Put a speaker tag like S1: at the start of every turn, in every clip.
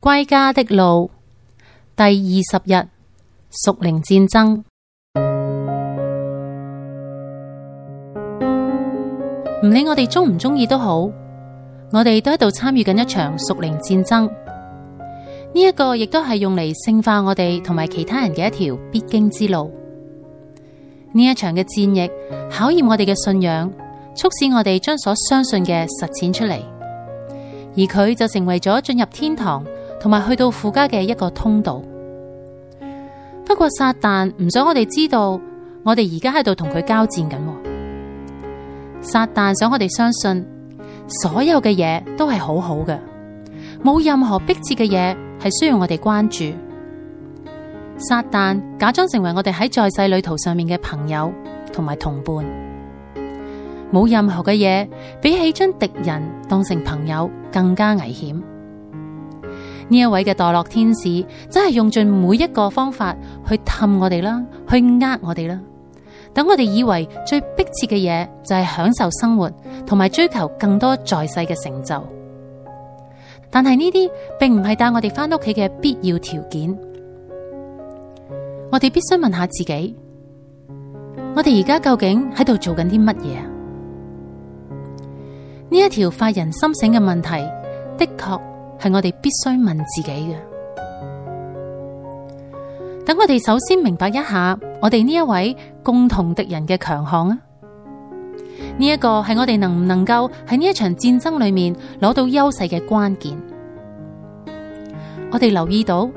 S1: 歸家的路第二十日，屬靈戰爭。唔理 我哋中唔中意都好，我哋都喺度參與緊一場屬靈戰爭。呢、這、一個亦都係用嚟聖化我哋同埋其他人嘅一條必經之路。呢一場嘅戰役考驗我哋嘅信仰，促使我哋將所相信嘅實踐出嚟，而佢就成為咗進入天堂。同埋去到父家嘅一個通道，不過撒旦唔想我哋知道，我哋而家喺度同佢交戰緊。撒旦想我哋相信，所有嘅嘢都係好好嘅，冇任何迫切嘅嘢係需要我哋關注。撒旦假裝成為我哋喺在，在世旅途上面嘅朋友同埋同伴，冇任何嘅嘢比起將敵人當成朋友更加危險。呢一位嘅墮落天使真係用盡每一個方法去氹我哋啦，去呃我哋啦。等我哋以為最迫切嘅嘢就係享受生活，同埋追求更多在世嘅成就。但係呢啲並唔係帶我哋翻屋企嘅必要條件。我哋必須問下自己：我哋而家究竟喺度做緊啲乜嘢啊？呢一條發人心醒嘅問題，的確。係我哋必須問自己嘅。等我哋首先明白一下，我哋呢一位共同敵人嘅強項啊，呢一個係我哋能唔能夠喺呢一場戰爭裏面攞到優勢嘅關鍵。我哋留意到，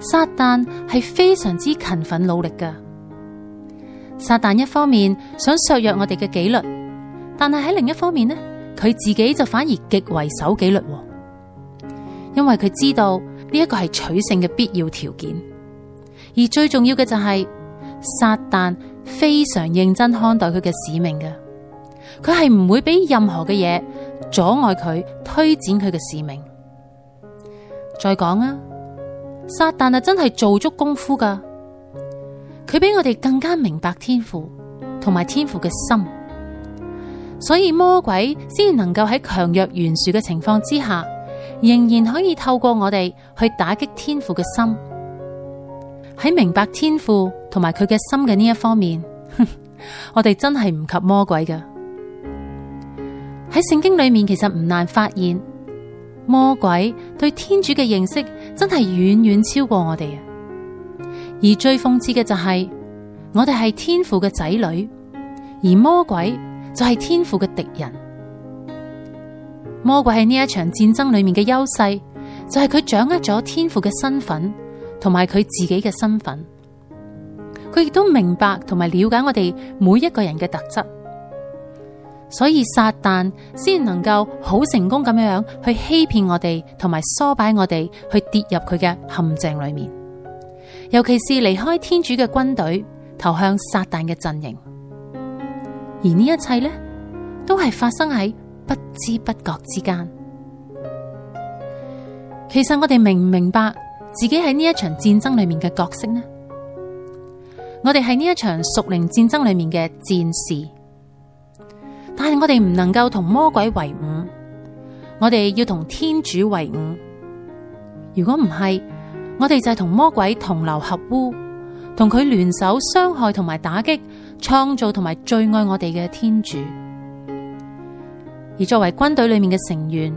S1: 撒旦係非常之勤奮努力嘅。撒旦一方面想削弱我哋嘅紀律，但係喺另一方面呢，佢自己就反而極為守紀律。因為佢知道呢一個係取勝嘅必要條件，而最重要嘅就係撒旦非常認真看待佢嘅使命嘅，佢係唔會俾任何嘅嘢阻礙佢推展佢嘅使命。再講啊，撒旦啊真係做足功夫噶，佢比我哋更加明白天父同埋天父嘅心，所以魔鬼先能夠喺強弱懸殊嘅情況之下。仍然可以透過我哋去打擊天父嘅心，喺明白天父同埋佢嘅心嘅呢一方面，呵呵，我哋真係唔及魔鬼嘅。喺聖經裏面，其實唔難發現魔鬼對天主嘅認識真係遠遠超過我哋啊！而最諷刺嘅就係、是，我哋係天父嘅仔女，而魔鬼就係天父嘅敵人。魔鬼喺呢一場戰爭裏面嘅優勢，就係佢掌握咗天父嘅身份，同埋佢自己嘅身份。佢亦都明白同埋了解我哋每一個人嘅特質，所以撒旦先能夠好成功咁樣去欺騙我哋，同埋唆擺我哋去跌入佢嘅陷阱裏面。尤其是離開天主嘅軍隊，投向撒旦嘅陣營。而呢一切呢，都係發生喺不知不覺之間，其實我哋明唔明白自己喺呢一場戰爭裏面嘅角色呢？我哋係呢一場屬靈戰爭裏面嘅戰士，但係我哋唔能夠同魔鬼為伍，我哋要同天主為伍。如果唔係，我哋就係同魔鬼同流合污，同佢聯手傷害同埋打擊創造同埋最愛我哋嘅天主。而作為軍隊裏面嘅成員，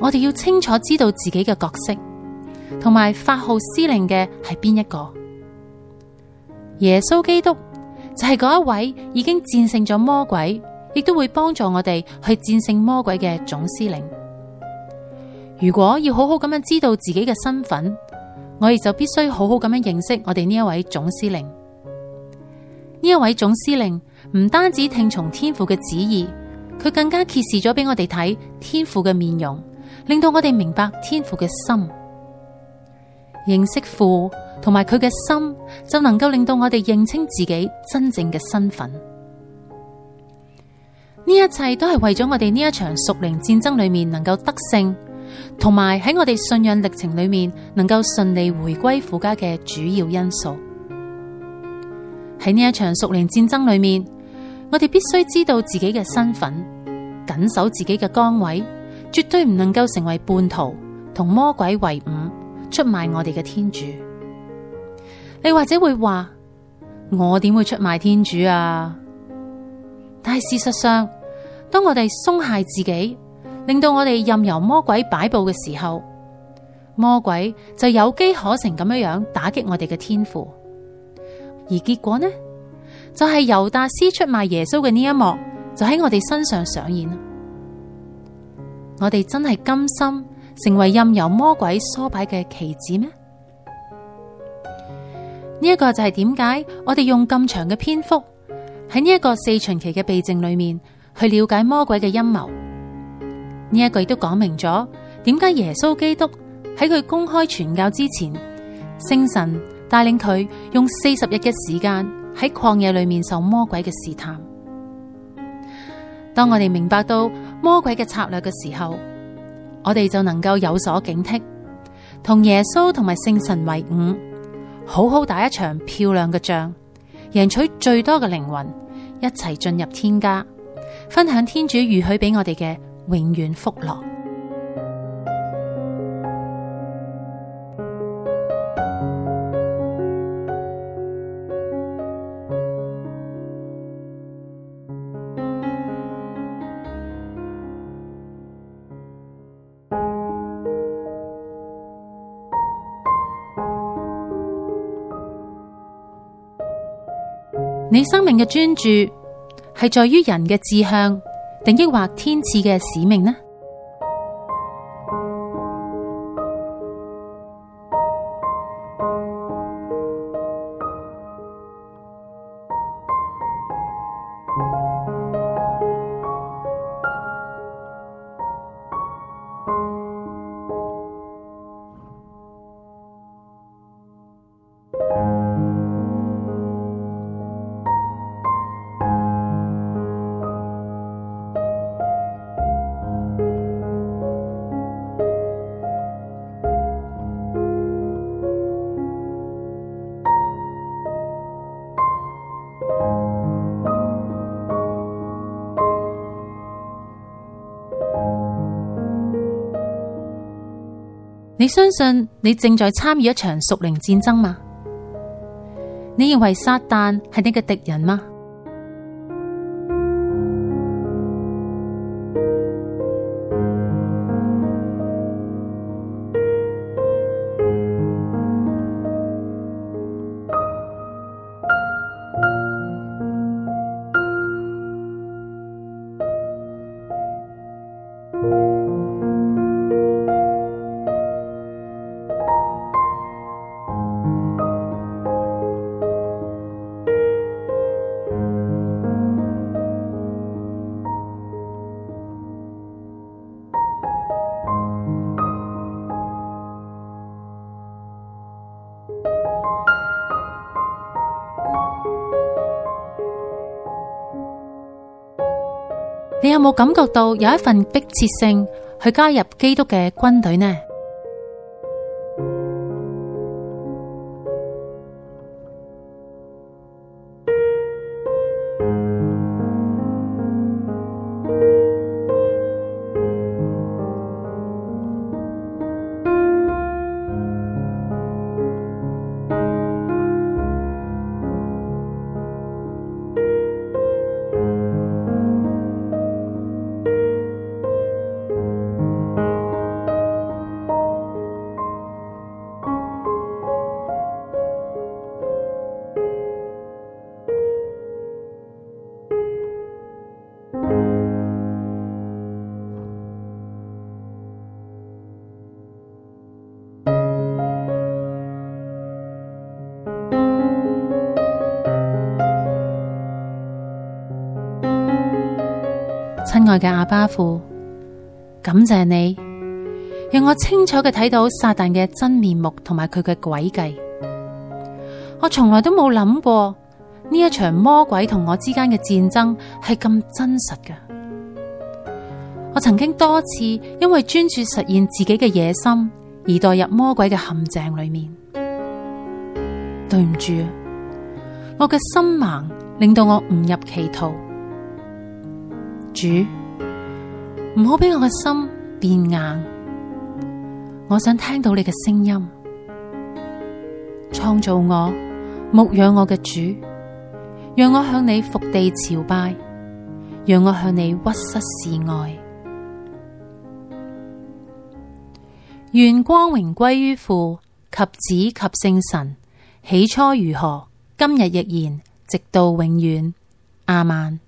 S1: 我哋要清楚知道自己嘅角色，同埋發號施令嘅係邊一個。耶穌基督就係、是、嗰一位已經戰勝咗魔鬼，亦都會幫助我哋去戰勝魔鬼嘅總司令。如果要好好咁樣知道自己嘅身份，我哋就必須好好咁樣認識我哋呢一位總司令。呢一位總司令唔單止聽從天父嘅旨意。佢更加揭示咗俾我哋睇天父嘅面容，令到我哋明白天父嘅心，認識父同埋佢嘅心，就能夠令到我哋認清自己真正嘅身份。呢一切都係為咗我哋呢一場屬靈戰爭裏面能夠得勝，同埋喺我哋信仰歷程裏面能夠順利回歸父家嘅主要因素。喺呢一場屬靈戰爭裏面，我哋必須知道自己嘅身份，緊守自己嘅崗位，絕對唔能夠成為叛徒，同魔鬼為伍，出賣我哋嘅天主。你或者會話我點會出賣天主啊？但係事實上，當我哋鬆懈自己，令到我哋任由魔鬼擺佈嘅時候，魔鬼就有機可乘咁樣樣打擊我哋嘅天父，而結果呢？就係猶達斯出賣耶穌嘅呢一幕，就喺我哋身上上演。我哋真係甘心成為任由魔鬼唆擺嘅棋子咩？呢、這、一個就係點解我哋用咁長嘅篇幅喺呢一個四旬期嘅避靜裏面去了解魔鬼嘅陰謀？呢、這、一個都講明咗點解耶穌基督喺佢公開傳教之前，聖神帶領佢用四十日嘅時間。喺曠野裏面受魔鬼嘅試探。當我哋明白到魔鬼嘅策略嘅時候，我哋就能夠有所警惕，同耶穌同埋聖神為伍，好好打一場漂亮嘅仗，贏取最多嘅靈魂，一齊進入天家，分享天主預許俾我哋嘅永遠福樂。你生命嘅專注係在於人嘅志向，定抑或天賜嘅使命呢？你相信你正在參與一場屬靈戰爭嗎？你認為撒旦係你嘅敵人嗎？有冇感覺到有一份迫切性去加入基督嘅軍隊呢？親愛嘅阿爸父，感謝你，讓我清楚嘅睇到撒旦嘅真面目同埋佢嘅詭計。我從來都冇諗過呢一場魔鬼同我之間嘅戰爭係咁真實嘅。我曾經多次因為專注實現自己嘅野心而墮入魔鬼嘅陷阱裏面。對唔住，我嘅心盲令到我誤入歧途。主，唔好俾我嘅心變硬。我想聽到你嘅聲音，創造我、牧養我嘅主，讓我向你伏地朝拜，讓我向你屈膝示愛。願光榮歸於父及子及聖神，起初如何，今日亦然，直到永遠。亞孟。